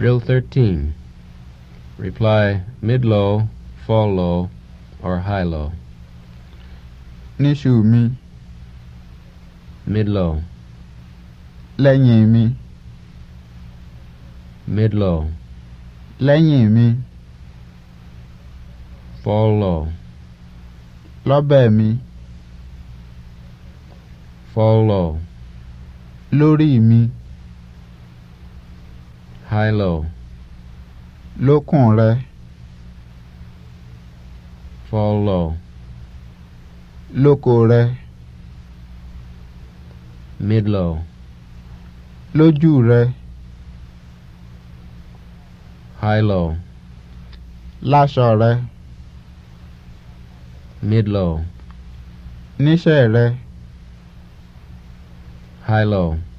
Drill 13. Reply mid-low, fall-low, or high-low. Nishu mi. Mid-low. Lẹ́yìn mi. Mid-low. Lẹ́yìn mi. Fall-low. Lọ́bẹ̀ mi. Fall-low. Lórí mi high low lókùn rẹ fall low lóko rẹ mid low lójú rẹ high low Low rẹ mid low níṣẹ́ high low.